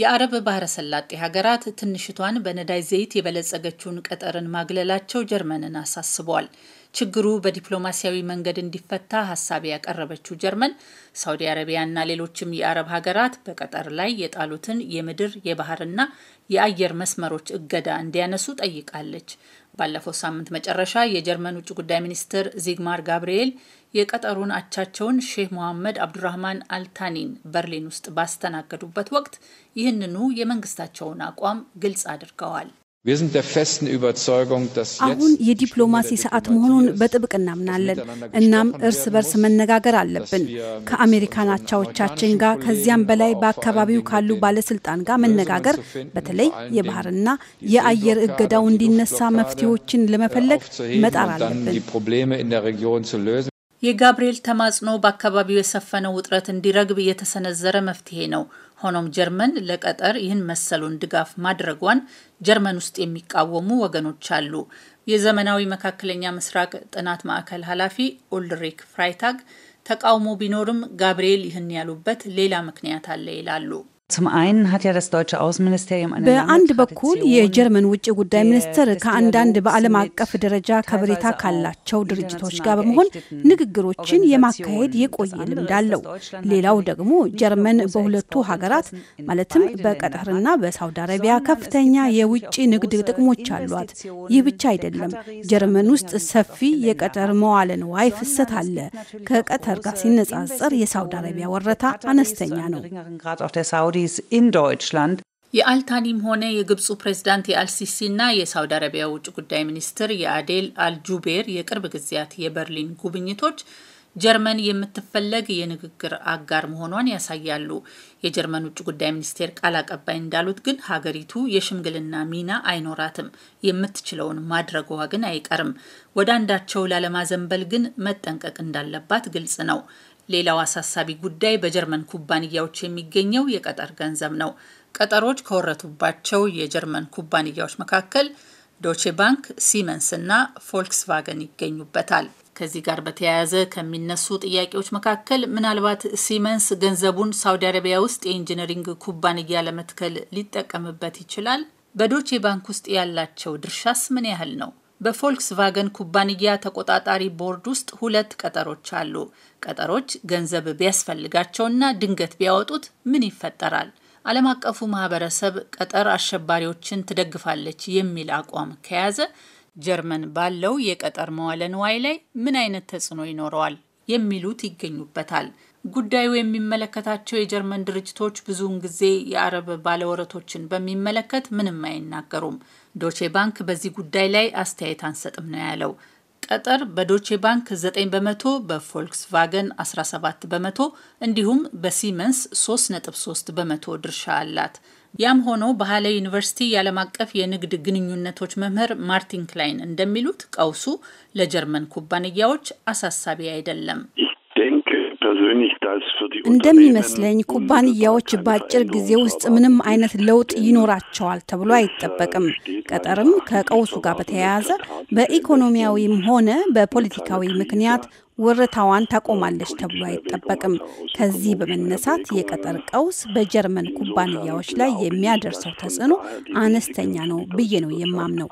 የአረብ ባህረ ሰላጤ ሀገራት ትንሽቷን በነዳጅ ዘይት የበለጸገችውን ቀጠርን ማግለላቸው ጀርመንን አሳስቧል። ችግሩ በዲፕሎማሲያዊ መንገድ እንዲፈታ ሀሳብ ያቀረበችው ጀርመን ሳውዲ አረቢያና ሌሎችም የአረብ ሀገራት በቀጠር ላይ የጣሉትን የምድር የባህርና የአየር መስመሮች እገዳ እንዲያነሱ ጠይቃለች። ባለፈው ሳምንት መጨረሻ የጀርመን ውጭ ጉዳይ ሚኒስትር ዚግማር ጋብርኤል የቀጠሩን አቻቸውን ሼህ ሞሐመድ አብዱራህማን አልታኒን በርሊን ውስጥ ባስተናገዱበት ወቅት ይህንኑ የመንግስታቸውን አቋም ግልጽ አድርገዋል። አሁን የዲፕሎማሲ ሰዓት መሆኑን በጥብቅ እናምናለን። እናም እርስ በርስ መነጋገር አለብን ከአሜሪካን አቻዎቻችን ጋር፣ ከዚያም በላይ በአካባቢው ካሉ ባለስልጣን ጋር መነጋገር፣ በተለይ የባህርና የአየር እገዳው እንዲነሳ መፍትሄዎችን ለመፈለግ መጣር አለብን። የጋብርኤል ተማጽኖ በአካባቢው የሰፈነው ውጥረት እንዲረግብ የተሰነዘረ መፍትሄ ነው። ሆኖም ጀርመን ለቀጠር ይህን መሰሉን ድጋፍ ማድረጓን ጀርመን ውስጥ የሚቃወሙ ወገኖች አሉ። የዘመናዊ መካከለኛ ምስራቅ ጥናት ማዕከል ኃላፊ ኡልሪክ ፍራይታግ ተቃውሞ ቢኖርም ጋብርኤል ይህን ያሉበት ሌላ ምክንያት አለ ይላሉ። በአንድ በኩል የጀርመን ውጭ ጉዳይ ሚኒስትር ከአንዳንድ በዓለም አቀፍ ደረጃ ከበሬታ ካላቸው ድርጅቶች ጋር በመሆን ንግግሮችን የማካሄድ የቆየ ልምድ አለው። ሌላው ደግሞ ጀርመን በሁለቱ ሀገራት ማለትም በቀጠርና በሳውዲ አረቢያ ከፍተኛ የውጭ ንግድ ጥቅሞች አሏት። ይህ ብቻ አይደለም። ጀርመን ውስጥ ሰፊ የቀጠር መዋለ ንዋይ ፍሰት አለ። ከቀጠር ጋር ሲነጻጸር የሳውዲ አረቢያ ወረታ አነስተኛ ነው። Saudis in Deutschland የአልታኒም ሆነ የግብፁ የአልሲሲ የአልሲሲና የሳውዲ አረቢያ ውጭ ጉዳይ ሚኒስትር የአዴል አልጁቤር የቅርብ ጊዜያት የበርሊን ጉብኝቶች ጀርመን የምትፈለግ የንግግር አጋር መሆኗን ያሳያሉ። የጀርመን ውጭ ጉዳይ ሚኒስቴር ቃል አቀባይ እንዳሉት ግን ሀገሪቱ የሽምግልና ሚና አይኖራትም። የምትችለውን ማድረጓ ግን አይቀርም። ወደ አንዳቸው ላለማዘንበል ግን መጠንቀቅ እንዳለባት ግልጽ ነው። ሌላው አሳሳቢ ጉዳይ በጀርመን ኩባንያዎች የሚገኘው የቀጠር ገንዘብ ነው። ቀጠሮች ከወረቱባቸው የጀርመን ኩባንያዎች መካከል ዶቼ ባንክ፣ ሲመንስ እና ፎልክስቫገን ይገኙበታል። ከዚህ ጋር በተያያዘ ከሚነሱ ጥያቄዎች መካከል ምናልባት ሲመንስ ገንዘቡን ሳውዲ አረቢያ ውስጥ የኢንጂነሪንግ ኩባንያ ለመትከል ሊጠቀምበት ይችላል? በዶቼ ባንክ ውስጥ ያላቸው ድርሻስ ምን ያህል ነው? በፎልክስቫገን ኩባንያ ተቆጣጣሪ ቦርድ ውስጥ ሁለት ቀጠሮች አሉ። ቀጠሮች ገንዘብ ቢያስፈልጋቸውና ድንገት ቢያወጡት ምን ይፈጠራል? ዓለም አቀፉ ማህበረሰብ ቀጠር አሸባሪዎችን ትደግፋለች የሚል አቋም ከያዘ ጀርመን ባለው የቀጠር መዋለ ንዋይ ላይ ምን አይነት ተጽዕኖ ይኖረዋል የሚሉት ይገኙበታል። ጉዳዩ የሚመለከታቸው የጀርመን ድርጅቶች ብዙውን ጊዜ የአረብ ባለወረቶችን በሚመለከት ምንም አይናገሩም። ዶቼ ባንክ በዚህ ጉዳይ ላይ አስተያየት አንሰጥም ነው ያለው። ቀጠር በዶቼ ባንክ 9 በመቶ በፎልክስቫገን 17 በመቶ እንዲሁም በሲመንስ 3.3 በመቶ ድርሻ አላት። ያም ሆኖ ባህላዊ ዩኒቨርሲቲ የዓለም አቀፍ የንግድ ግንኙነቶች መምህር ማርቲን ክላይን እንደሚሉት ቀውሱ ለጀርመን ኩባንያዎች አሳሳቢ አይደለም። እንደሚመስለኝ ኩባንያዎች በአጭር ጊዜ ውስጥ ምንም አይነት ለውጥ ይኖራቸዋል ተብሎ አይጠበቅም። ቀጠርም ከቀውሱ ጋር በተያያዘ በኢኮኖሚያዊም ሆነ በፖለቲካዊ ምክንያት ወረታዋን ታቆማለች ተብሎ አይጠበቅም። ከዚህ በመነሳት የቀጠር ቀውስ በጀርመን ኩባንያዎች ላይ የሚያደርሰው ተጽዕኖ አነስተኛ ነው ብዬ ነው የማምነው።